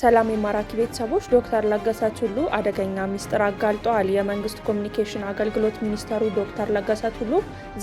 ሰላም የማራኪ ቤተሰቦች፣ ዶክተር ለገሰ ቱሉ አደገኛ ሚስጥር አጋልጧል። የመንግስት ኮሚኒኬሽን አገልግሎት ሚኒስተሩ ዶክተር ለገሰ ቱሉ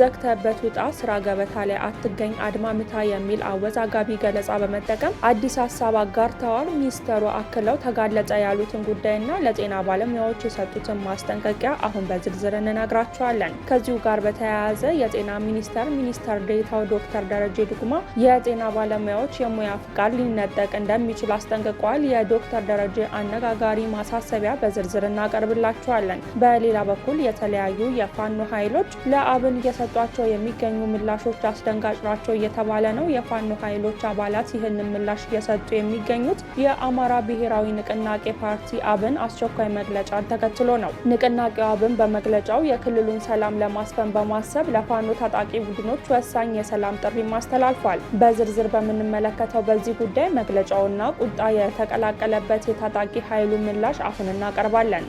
ዘግተበት ውጣ፣ ስራ ገበታ ላይ አትገኝ፣ አድማ ምታ የሚል አወዛጋቢ ገለጻ በመጠቀም አዲስ ሀሳብ አጋርተዋል። ሚኒስተሩ አክለው ተጋለጸ ያሉትን ጉዳይና ለጤና ባለሙያዎች የሰጡትን ማስጠንቀቂያ አሁን በዝርዝር እንነግራቸዋለን። ከዚሁ ጋር በተያያዘ የጤና ሚኒስቴር ሚኒስተር ዴታው ዶክተር ደረጀ ድጉማ የጤና ባለሙያዎች የሙያ ፍቃድ ሊነጠቅ እንደሚችል አስጠንቅቋል። ብለዋል። የዶክተር ደረጀ አነጋጋሪ ማሳሰቢያ በዝርዝር እናቀርብላችኋለን። በሌላ በኩል የተለያዩ የፋኖ ኃይሎች ለአብን እየሰጧቸው የሚገኙ ምላሾች አስደንጋጭ ናቸው እየተባለ ነው። የፋኖ ኃይሎች አባላት ይህንን ምላሽ እየሰጡ የሚገኙት የአማራ ብሔራዊ ንቅናቄ ፓርቲ አብን አስቸኳይ መግለጫን ተከትሎ ነው። ንቅናቄው አብን በመግለጫው የክልሉን ሰላም ለማስፈን በማሰብ ለፋኖ ታጣቂ ቡድኖች ወሳኝ የሰላም ጥሪ አስተላልፏል። በዝርዝር በምንመለከተው በዚህ ጉዳይ መግለጫውና ቁጣ የተ የተቀላቀለበት የታጣቂ ኃይሉ ምላሽ አሁን እናቀርባለን።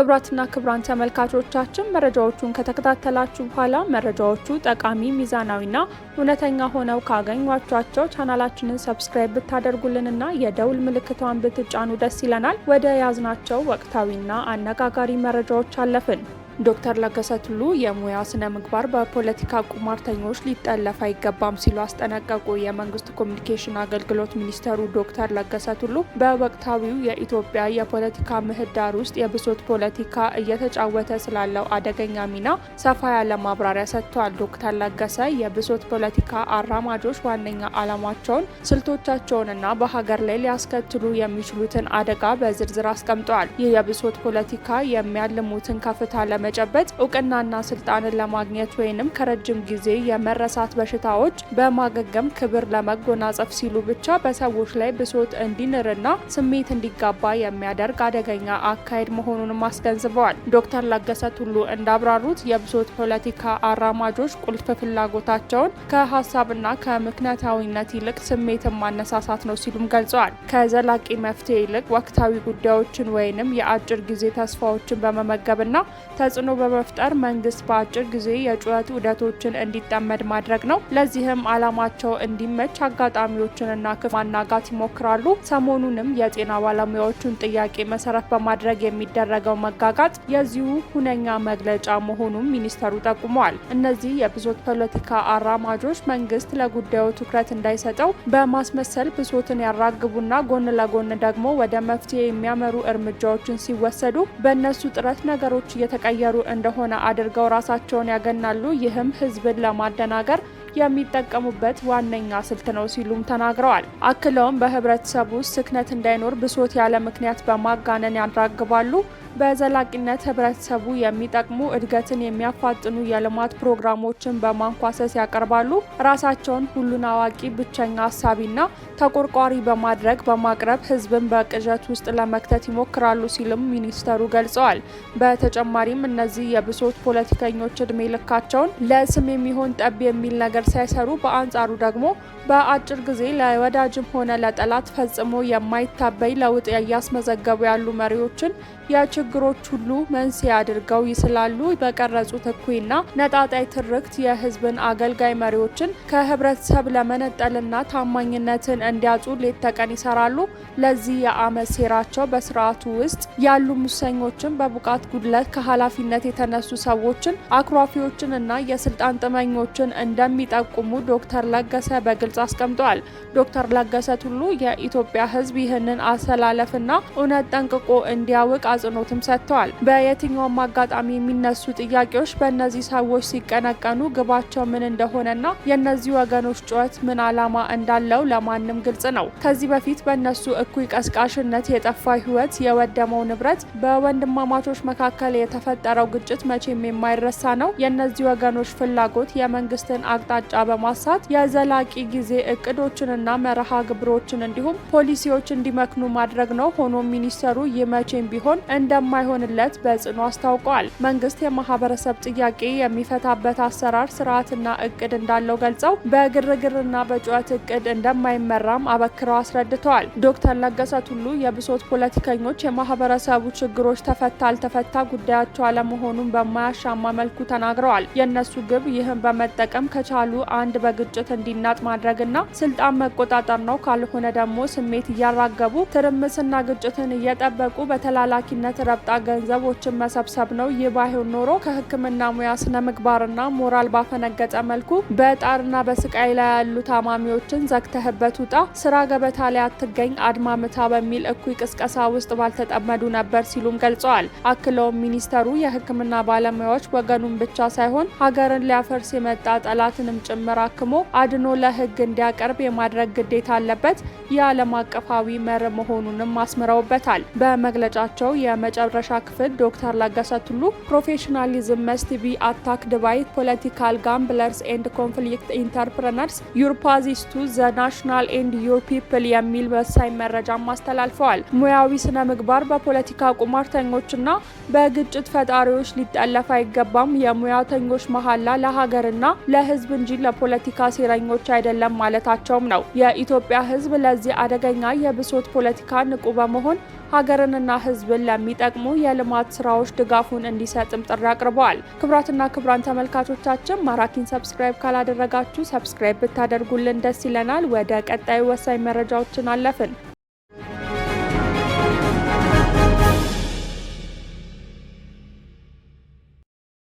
ክብራትና ክብራን ተመልካቾቻችን መረጃዎቹን ከተከታተላችሁ በኋላ መረጃዎቹ ጠቃሚ፣ ሚዛናዊና እውነተኛ ሆነው ካገኟቸው ቻናላችንን ሰብስክራይብ ብታደርጉልንና የደውል ምልክቷን ብትጫኑ ደስ ይለናል። ወደ ያዝናቸው ወቅታዊና አነጋጋሪ መረጃዎች አለፍን። ዶክተር ለገሰ ቱሉ የሙያ ስነ ምግባር በፖለቲካ ቁማርተኞች ሊጠለፍ አይገባም ሲሉ አስጠነቀቁ። የመንግስት ኮሚኒኬሽን አገልግሎት ሚኒስተሩ ዶክተር ለገሰ ቱሉ በወቅታዊው የኢትዮጵያ የፖለቲካ ምህዳር ውስጥ የብሶት ፖለቲካ እየተጫወተ ስላለው አደገኛ ሚና ሰፋ ያለ ማብራሪያ ሰጥቷል። ዶክተር ለገሰ የብሶት ፖለቲካ አራማጆች ዋነኛ ዓላማቸውን፣ ስልቶቻቸውንና በሀገር ላይ ሊያስከትሉ የሚችሉትን አደጋ በዝርዝር አስቀምጠዋል። ይህ የብሶት ፖለቲካ የሚያልሙትን ከፍታ ለመ በመጨበጥ እውቅናና ስልጣንን ለማግኘት ወይንም ከረጅም ጊዜ የመረሳት በሽታዎች በማገገም ክብር ለመጎናጸፍ ሲሉ ብቻ በሰዎች ላይ ብሶት እንዲንርና ስሜት እንዲጋባ የሚያደርግ አደገኛ አካሄድ መሆኑንም አስገንዝበዋል። ዶክተር ለገሰ ቱሉ እንዳብራሩት የብሶት ፖለቲካ አራማጆች ቁልፍ ፍላጎታቸውን ከሀሳብና ከምክንያታዊነት ይልቅ ስሜትን ማነሳሳት ነው ሲሉም ገልጸዋል። ከዘላቂ መፍትሄ ይልቅ ወቅታዊ ጉዳዮችን ወይንም የአጭር ጊዜ ተስፋዎችን በመመገብና ተጽ ተጽዕኖ በመፍጠር መንግስት በአጭር ጊዜ የጩኸት ውደቶችን እንዲጠመድ ማድረግ ነው። ለዚህም አላማቸው እንዲመች አጋጣሚዎችንና ክፍ ማናጋት ይሞክራሉ። ሰሞኑንም የጤና ባለሙያዎቹን ጥያቄ መሰረት በማድረግ የሚደረገው መጋጋጥ የዚሁ ሁነኛ መግለጫ መሆኑን ሚኒስተሩ ጠቁመዋል። እነዚህ የብሶት ፖለቲካ አራማጆች መንግስት ለጉዳዩ ትኩረት እንዳይሰጠው በማስመሰል ብሶትን ያራግቡና ጎን ለጎን ደግሞ ወደ መፍትሄ የሚያመሩ እርምጃዎችን ሲወሰዱ በእነሱ ጥረት ነገሮች እየተቀየ እየቀየሩ እንደሆነ አድርገው ራሳቸውን ያገናሉ። ይህም ህዝብን ለማደናገር የሚጠቀሙበት ዋነኛ ስልት ነው ሲሉም ተናግረዋል። አክለውም በህብረተሰቡ ውስጥ ስክነት እንዳይኖር ብሶት ያለ ምክንያት በማጋነን ያራግባሉ። በዘላቂነት ህብረተሰቡ የሚጠቅሙ እድገትን የሚያፋጥኑ የልማት ፕሮግራሞችን በማንኳሰስ ያቀርባሉ። ራሳቸውን ሁሉን አዋቂ ብቸኛ አሳቢና ተቆርቋሪ በማድረግ በማቅረብ ህዝብን በቅዠት ውስጥ ለመክተት ይሞክራሉ ሲልም ሚኒስተሩ ገልጸዋል። በተጨማሪም እነዚህ የብሶት ፖለቲከኞች እድሜ ልካቸውን ለስም የሚሆን ጠብ የሚል ነገር ሳይሰሩ፣ በአንጻሩ ደግሞ በአጭር ጊዜ ለወዳጅም ሆነ ለጠላት ፈጽሞ የማይታበይ ለውጥ እያስመዘገቡ ያሉ መሪዎችን የችግሮች ሁሉ መንስኤ አድርገው ይስላሉ። በቀረጹት እኩይና ነጣጣይ ትርክት የህዝብን አገልጋይ መሪዎችን ከህብረተሰብ ለመነጠልና ታማኝነትን እንዲያጡ ሌት ተቀን ይሰራሉ። ለዚህ የአመት ሴራቸው በስርዓቱ ውስጥ ያሉ ሙሰኞችን፣ በብቃት ጉድለት ከኃላፊነት የተነሱ ሰዎችን፣ አኩራፊዎችን እና የስልጣን ጥመኞችን እንደሚጠቁሙ ዶክተር ለገሰ በግልጽ በግልጽ አስቀምጠዋል። ዶክተር ለገሰ ቱሉ የኢትዮጵያ ሕዝብ ይህንን አሰላለፍና እውነት ጠንቅቆ እንዲያውቅ አጽንኦትም ሰጥተዋል። በየትኛውም አጋጣሚ የሚነሱ ጥያቄዎች በእነዚህ ሰዎች ሲቀነቀኑ ግባቸው ምን እንደሆነና የእነዚህ ወገኖች ጩኸት ምን ዓላማ እንዳለው ለማንም ግልጽ ነው። ከዚህ በፊት በእነሱ እኩይ ቀስቃሽነት የጠፋ ሕይወት፣ የወደመው ንብረት፣ በወንድማማቾች መካከል የተፈጠረው ግጭት መቼም የማይረሳ ነው። የእነዚህ ወገኖች ፍላጎት የመንግስትን አቅጣጫ በማሳት የዘላቂ ጊዜ ጊዜ እቅዶችንና መርሃ ግብሮችን እንዲሁም ፖሊሲዎች እንዲመክኑ ማድረግ ነው። ሆኖም ሚኒስተሩ ይህ መቼም ቢሆን እንደማይሆንለት በጽኑ አስታውቀዋል። መንግስት የማህበረሰብ ጥያቄ የሚፈታበት አሰራር ስርዓትና እቅድ እንዳለው ገልጸው በግርግርና በጩኸት እቅድ እንደማይመራም አበክረው አስረድተዋል። ዶክተር ለገሰ ቱሉ የብሶት ፖለቲከኞች የማህበረሰቡ ችግሮች ተፈታ አልተፈታ ጉዳያቸው አለመሆኑን በማያሻማ መልኩ ተናግረዋል። የእነሱ ግብ ይህን በመጠቀም ከቻሉ አንድ በግጭት እንዲናጥ ማድረግ ማድረግና ስልጣን መቆጣጠር ነው። ካልሆነ ደግሞ ስሜት እያራገቡ ትርምስና ግጭትን እየጠበቁ በተላላኪነት ረብጣ ገንዘቦችን መሰብሰብ ነው። ይህ ባይሆን ኖሮ ከሕክምና ሙያ ስነ ምግባርና ሞራል ባፈነገጠ መልኩ በጣርና በስቃይ ላይ ያሉ ታማሚዎችን ዘግተህበት ውጣ፣ ስራ ገበታ ላይ አትገኝ፣ አድማ ምታ በሚል እኩይ ቅስቀሳ ውስጥ ባልተጠመዱ ነበር ሲሉም ገልጸዋል። አክለውም ሚኒስተሩ የሕክምና ባለሙያዎች ወገኑን ብቻ ሳይሆን ሀገርን ሊያፈርስ የመጣ ጠላትንም ጭምር አክሞ አድኖ ለህግ እንዲያቀርብ የማድረግ ግዴታ አለበት፣ የዓለም አቀፋዊ መር መሆኑንም አስምረውበታል። በመግለጫቸው የመጨረሻ ክፍል ዶክተር ለገሰ ቱሉ ፕሮፌሽናሊዝም መስት ቢ አታክድ ባይ ፖለቲካል ጋምብለርስ ኤንድ ኮንፍሊክት ኢንተርፕረነርስ ዩርፓዚስቱ ቱ ዘ ናሽናል ኤንድ ዩር ፒፕል የሚል ወሳኝ መረጃም አስተላልፈዋል። ሙያዊ ስነ ምግባር በፖለቲካ ቁማርተኞችና በግጭት ፈጣሪዎች ሊጠለፍ አይገባም። የሙያተኞች መሀላ ለሀገርና ለሕዝብ እንጂ ለፖለቲካ ሴረኞች አይደለም አይደለም ማለታቸውም ነው። የኢትዮጵያ ሕዝብ ለዚህ አደገኛ የብሶት ፖለቲካ ንቁ በመሆን ሀገርንና ህዝብን ለሚጠቅሙ የልማት ስራዎች ድጋፉን እንዲሰጥም ጥሪ አቅርበዋል። ክቡራትና ክቡራን ተመልካቾቻችን ማራኪን ሰብስክራይብ ካላደረጋችሁ ሰብስክራይብ ብታደርጉልን ደስ ይለናል። ወደ ቀጣዩ ወሳኝ መረጃዎችን አለፍን።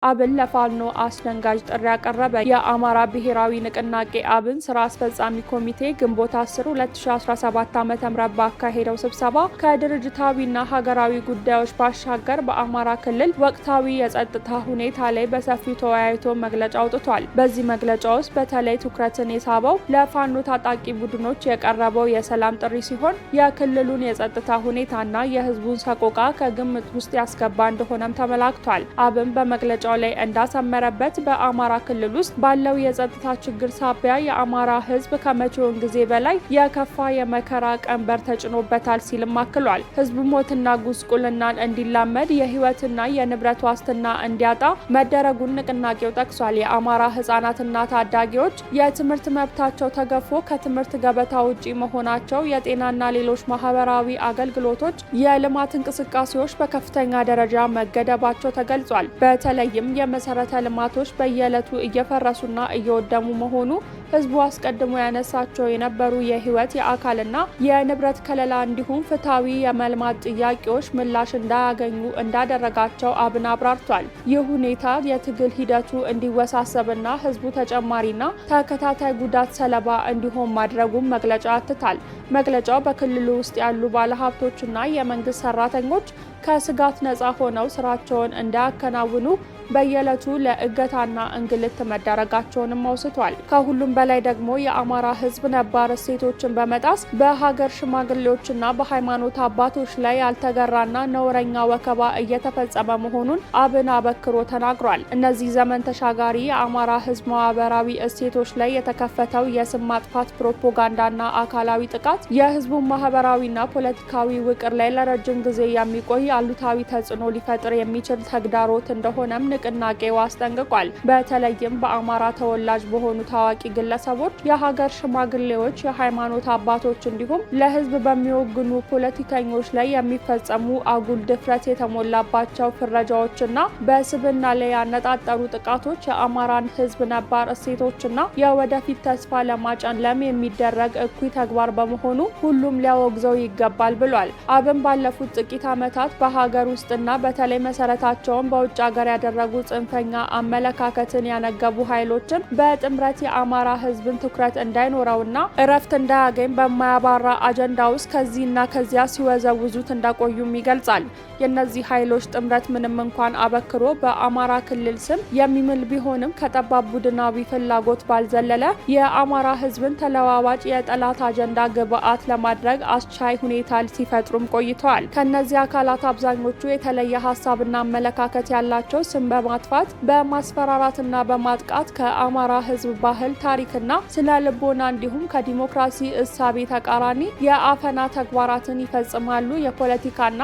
አብን ለፋኖ አስደንጋጭ ጥሪ ያቀረበ። የአማራ ብሔራዊ ንቅናቄ አብን ስራ አስፈጻሚ ኮሚቴ ግንቦት 10 2017 ዓ ም ባካሄደው ስብሰባ ከድርጅታዊና ሀገራዊ ጉዳዮች ባሻገር በአማራ ክልል ወቅታዊ የጸጥታ ሁኔታ ላይ በሰፊው ተወያይቶ መግለጫ አውጥቷል። በዚህ መግለጫ ውስጥ በተለይ ትኩረትን የሳበው ለፋኖ ታጣቂ ቡድኖች የቀረበው የሰላም ጥሪ ሲሆን የክልሉን የጸጥታ ሁኔታና የህዝቡን ሰቆቃ ከግምት ውስጥ ያስገባ እንደሆነም ተመላክቷል። አብን በመግለጫ መግለጫው ላይ እንዳሰመረበት በአማራ ክልል ውስጥ ባለው የጸጥታ ችግር ሳቢያ የአማራ ሕዝብ ከመቼውን ጊዜ በላይ የከፋ የመከራ ቀንበር ተጭኖበታል ሲልም አክሏል። ሕዝቡ ሞትና ጉስቁልናን እንዲላመድ የህይወትና የንብረት ዋስትና እንዲያጣ መደረጉን ንቅናቄው ጠቅሷል። የአማራ ህጻናትና ታዳጊዎች የትምህርት መብታቸው ተገፎ ከትምህርት ገበታ ውጪ መሆናቸው፣ የጤናና ሌሎች ማህበራዊ አገልግሎቶች፣ የልማት እንቅስቃሴዎች በከፍተኛ ደረጃ መገደባቸው ተገልጿል። በተለይ በተለይም የመሰረተ ልማቶች በየዕለቱ እየፈረሱና እየወደሙ መሆኑ ህዝቡ አስቀድሞ ያነሳቸው የነበሩ የህይወት የአካልና የንብረት ከለላ እንዲሁም ፍትሐዊ የመልማት ጥያቄዎች ምላሽ እንዳያገኙ እንዳደረጋቸው አብን አብራርቷል። ይህ ሁኔታ የትግል ሂደቱ እንዲወሳሰብና ህዝቡ ተጨማሪና ተከታታይ ጉዳት ሰለባ እንዲሆን ማድረጉም መግለጫ አትታል። መግለጫው በክልሉ ውስጥ ያሉ ባለሀብቶችና የመንግስት ሰራተኞች ከስጋት ነጻ ሆነው ስራቸውን እንዳያከናውኑ በየዕለቱ ለእገታና እንግልት መዳረጋቸውንም አውስቷል። ከሁሉም በላይ ደግሞ የአማራ ሕዝብ ነባር እሴቶችን በመጣስ በሀገር ሽማግሌዎችና በሃይማኖት አባቶች ላይ ያልተገራና ነውረኛ ወከባ እየተፈጸመ መሆኑን አብን አበክሮ ተናግሯል። እነዚህ ዘመን ተሻጋሪ የአማራ ሕዝብ ማህበራዊ እሴቶች ላይ የተከፈተው የስም ማጥፋት ፕሮፓጋንዳና አካላዊ ጥቃት የህዝቡን ማህበራዊና ፖለቲካዊ ውቅር ላይ ለረጅም ጊዜ የሚቆይ አሉታዊ ተጽዕኖ ሊፈጥር የሚችል ተግዳሮት እንደሆነም ንቅናቄው አስጠንቅቋል። በተለይም በአማራ ተወላጅ በሆኑ ታዋቂ ግለሰቦች፣ የሀገር ሽማግሌዎች፣ የሃይማኖት አባቶች እንዲሁም ለህዝብ በሚወግኑ ፖለቲከኞች ላይ የሚፈጸሙ አጉል ድፍረት የተሞላባቸው ፍረጃዎችና በስብና ላይ ያነጣጠሩ ጥቃቶች የአማራን ህዝብ ነባር እሴቶችና የወደፊት ተስፋ ለማጨለም የሚደረግ እኩይ ተግባር በመሆኑ ሁሉም ሊያወግዘው ይገባል ብሏል። አብን ባለፉት ጥቂት ዓመታት በሀገር ውስጥና በተለይ መሰረታቸውን በውጭ ሀገር ያደረጉ የሚዋጉ ጽንፈኛ አመለካከትን ያነገቡ ኃይሎችን በጥምረት የአማራ ህዝብን ትኩረት እንዳይኖረውና እረፍት እንዳያገኝ በማያባራ አጀንዳ ውስጥ ከዚህና ከዚያ ሲወዘውዙት እንደቆዩም ይገልጻል። የእነዚህ ኃይሎች ጥምረት ምንም እንኳን አበክሮ በአማራ ክልል ስም የሚምል ቢሆንም ከጠባብ ቡድናዊ ፍላጎት ባልዘለለ የአማራ ህዝብን ተለዋዋጭ የጠላት አጀንዳ ግብአት ለማድረግ አስቻይ ሁኔታ ሲፈጥሩም ቆይተዋል። ከእነዚህ አካላት አብዛኞቹ የተለየ ሀሳብና አመለካከት ያላቸው ስም በማጥፋት በማስፈራራትና በማጥቃት ከአማራ ህዝብ ባህል ታሪክና ስነ ልቦና እንዲሁም ከዲሞክራሲ እሳቤ ተቃራኒ የአፈና ተግባራትን ይፈጽማሉ። የፖለቲካና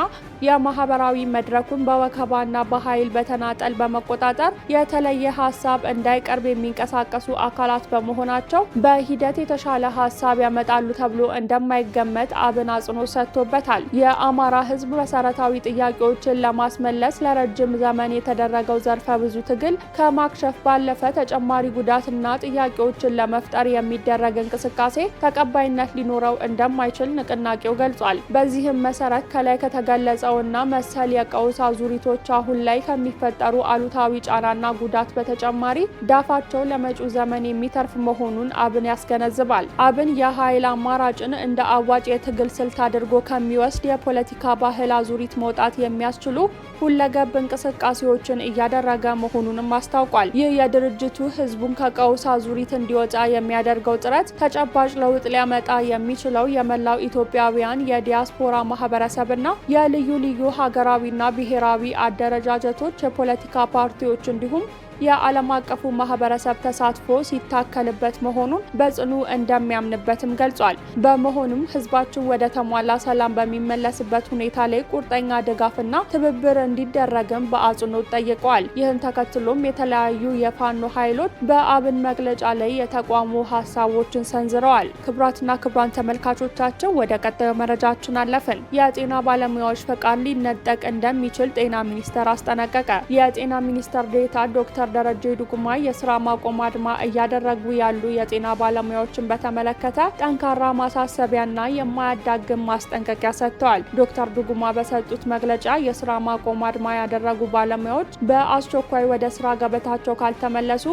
የማህበራዊ መድረኩን በወከባና በኃይል በተናጠል በመቆጣጠር የተለየ ሀሳብ እንዳይቀርብ የሚንቀሳቀሱ አካላት በመሆናቸው በሂደት የተሻለ ሀሳብ ያመጣሉ ተብሎ እንደማይገመት አብን አጽንኦት ሰጥቶበታል። የአማራ ህዝብ መሰረታዊ ጥያቄዎችን ለማስመለስ ለረጅም ዘመን የተደረገው ዘርፈ ብዙ ትግል ከማክሸፍ ባለፈ ተጨማሪ ጉዳትና ጥያቄዎችን ለመፍጠር የሚደረግ እንቅስቃሴ ተቀባይነት ሊኖረው እንደማይችል ንቅናቄው ገልጿል። በዚህም መሰረት ከላይ ከተገለጸውና መሰል የቀውስ አዙሪቶች አሁን ላይ ከሚፈጠሩ አሉታዊ ጫናና ጉዳት በተጨማሪ ዳፋቸው ለመጪው ዘመን የሚተርፍ መሆኑን አብን ያስገነዝባል። አብን የኃይል አማራጭን እንደ አዋጭ የትግል ስልት አድርጎ ከሚወስድ የፖለቲካ ባህል አዙሪት መውጣት የሚያስችሉ ሁለገብ እንቅስቃሴዎችን እያ እያደረገ መሆኑንም አስታውቋል። ይህ የድርጅቱ ህዝቡን ከቀውስ አዙሪት እንዲወጣ የሚያደርገው ጥረት ተጨባጭ ለውጥ ሊያመጣ የሚችለው የመላው ኢትዮጵያውያን የዲያስፖራ ማህበረሰብና የልዩ ልዩ ሀገራዊና ብሔራዊ አደረጃጀቶች፣ የፖለቲካ ፓርቲዎች እንዲሁም የዓለም አቀፉ ማህበረሰብ ተሳትፎ ሲታከልበት መሆኑን በጽኑ እንደሚያምንበትም ገልጿል። በመሆኑም ህዝባችን ወደ ተሟላ ሰላም በሚመለስበት ሁኔታ ላይ ቁርጠኛ ድጋፍና ትብብር እንዲደረግም በአጽንኦት ጠይቀዋል። ይህን ተከትሎም የተለያዩ የፋኖ ኃይሎች በአብን መግለጫ ላይ የተቋሙ ሀሳቦችን ሰንዝረዋል። ክቡራትና ክቡራን ተመልካቾቻቸው ወደ ቀጣዩ መረጃችን አለፍን። የጤና ባለሙያዎች ፈቃድ ሊነጠቅ እንደሚችል ጤና ሚኒስቴር አስጠነቀቀ። የጤና ሚኒስቴር ዴታ ዶክተር ዶክተር ደረጀ ዱጉማ የስራ ማቆም አድማ እያደረጉ ያሉ የጤና ባለሙያዎችን በተመለከተ ጠንካራ ማሳሰቢያና የማያዳግም ማስጠንቀቂያ ሰጥተዋል። ዶክተር ዱጉማ በሰጡት መግለጫ የስራ ማቆም አድማ ያደረጉ ባለሙያዎች በአስቸኳይ ወደ ስራ ገበታቸው ካልተመለሱ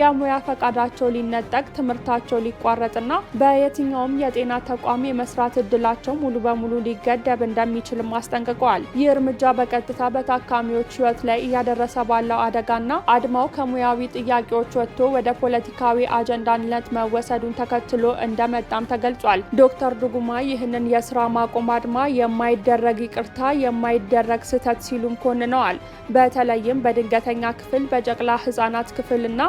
የሙያ ፈቃዳቸው ሊነጠቅ ትምህርታቸው ሊቋረጥና በየትኛውም የጤና ተቋም የመስራት እድላቸው ሙሉ በሙሉ ሊገደብ እንደሚችልም አስጠንቅቀዋል። ይህ እርምጃ በቀጥታ በታካሚዎች ሕይወት ላይ እያደረሰ ባለው አደጋና አድማው ከሙያዊ ጥያቄዎች ወጥቶ ወደ ፖለቲካዊ አጀንዳነት መወሰዱን ተከትሎ እንደመጣም ተገልጿል። ዶክተር ዱጉማ ይህንን የስራ ማቆም አድማ የማይደረግ ይቅርታ፣ የማይደረግ ስህተት ሲሉም ኮንነዋል። በተለይም በድንገተኛ ክፍል፣ በጨቅላ ህጻናት እና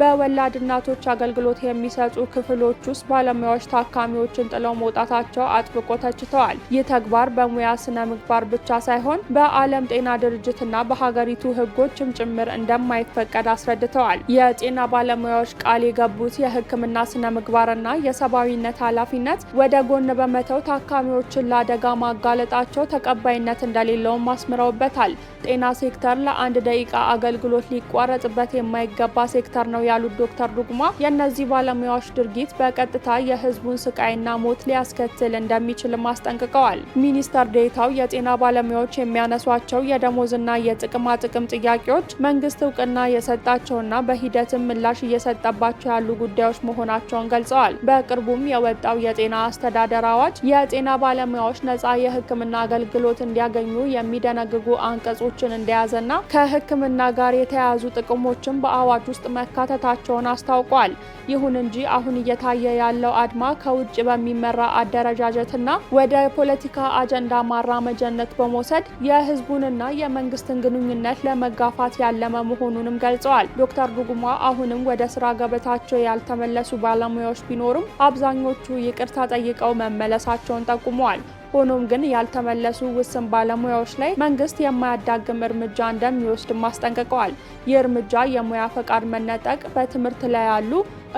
በወላድ እናቶች አገልግሎት የሚሰጡ ክፍሎች ውስጥ ባለሙያዎች ታካሚዎችን ጥለው መውጣታቸው አጥብቆ ተችተዋል። ይህ ተግባር በሙያ ስነ ምግባር ብቻ ሳይሆን በዓለም ጤና ድርጅትና በሀገሪቱ ሕጎችም ጭምር እንደማይፈቀድ አስረድተዋል። የጤና ባለሙያዎች ቃል የገቡት የሕክምና ስነ ምግባርና የሰብአዊነት ኃላፊነት ወደ ጎን በመተው ታካሚዎችን ለአደጋ ማጋለጣቸው ተቀባይነት እንደሌለውም አስምረውበታል። ጤና ሴክተር ለአንድ ደቂቃ አገልግሎት ሊቋረጥበት የማይገባ ሴክተር ነው ነው ያሉት ዶክተር ዱጉማ የእነዚህ ባለሙያዎች ድርጊት በቀጥታ የህዝቡን ስቃይና ሞት ሊያስከትል እንደሚችልም አስጠንቅቀዋል። ሚኒስተር ዴታው የጤና ባለሙያዎች የሚያነሷቸው የደሞዝና የጥቅማ ጥቅም ጥያቄዎች መንግስት እውቅና የሰጣቸውና በሂደትም ምላሽ እየሰጠባቸው ያሉ ጉዳዮች መሆናቸውን ገልጸዋል። በቅርቡም የወጣው የጤና አስተዳደር አዋጅ የጤና ባለሙያዎች ነጻ የህክምና አገልግሎት እንዲያገኙ የሚደነግጉ አንቀጾችን እንደያዘና ከህክምና ጋር የተያያዙ ጥቅሞችን በአዋጅ ውስጥ መካ ማካተታቸውን አስታውቋል። ይሁን እንጂ አሁን እየታየ ያለው አድማ ከውጭ በሚመራ አደረጃጀትና ወደ ፖለቲካ አጀንዳ ማራመጃነት በመውሰድ የህዝቡንና የመንግስትን ግንኙነት ለመጋፋት ያለመ መሆኑንም ገልጸዋል። ዶክተር ዱጉማ አሁንም ወደ ስራ ገበታቸው ያልተመለሱ ባለሙያዎች ቢኖሩም አብዛኞቹ ይቅርታ ጠይቀው መመለሳቸውን ጠቁመዋል። ሆኖም ግን ያልተመለሱ ውስን ባለሙያዎች ላይ መንግስት የማያዳግም እርምጃ እንደሚወስድም አስጠንቅቀዋል። ይህ እርምጃ የሙያ ፈቃድ መነጠቅ፣ በትምህርት ላይ ያሉ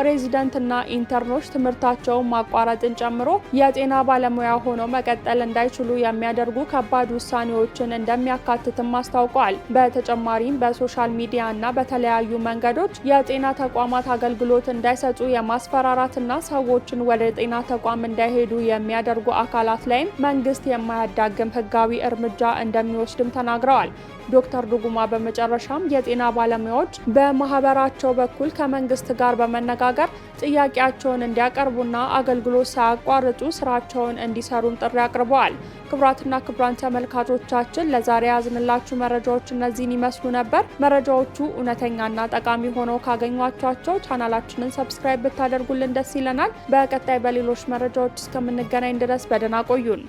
ሬዚደንትና ኢንተርኖች ትምህርታቸውን ማቋረጥን ጨምሮ የጤና ባለሙያ ሆኖ መቀጠል እንዳይችሉ የሚያደርጉ ከባድ ውሳኔዎችን እንደሚያካትትም አስታውቋል። በተጨማሪም በሶሻል ሚዲያ እና በተለያዩ መንገዶች የጤና ተቋማት አገልግሎት እንዳይሰጡ የማስፈራራትና ሰዎችን ወደ ጤና ተቋም እንዳይሄዱ የሚያደርጉ አካላት ላይም መንግስት የማያዳግም ህጋዊ እርምጃ እንደሚወስድም ተናግረዋል። ዶክተር ዱጉማ በመጨረሻም የጤና ባለሙያዎች በማህበራቸው በኩል ከመንግስት ጋር በመነ በመነጋገር ጥያቄያቸውን እንዲያቀርቡና አገልግሎት ሳያቋርጡ ስራቸውን እንዲሰሩም ጥሪ አቅርበዋል። ክቡራትና ክቡራን ተመልካቾቻችን ለዛሬ ያዝንላችሁ መረጃዎች እነዚህን ይመስሉ ነበር። መረጃዎቹ እውነተኛና ጠቃሚ ሆነው ካገኟቸቸው ቻናላችንን ሰብስክራይብ ብታደርጉልን ደስ ይለናል። በቀጣይ በሌሎች መረጃዎች እስከምንገናኝ ድረስ በደህና ቆዩን።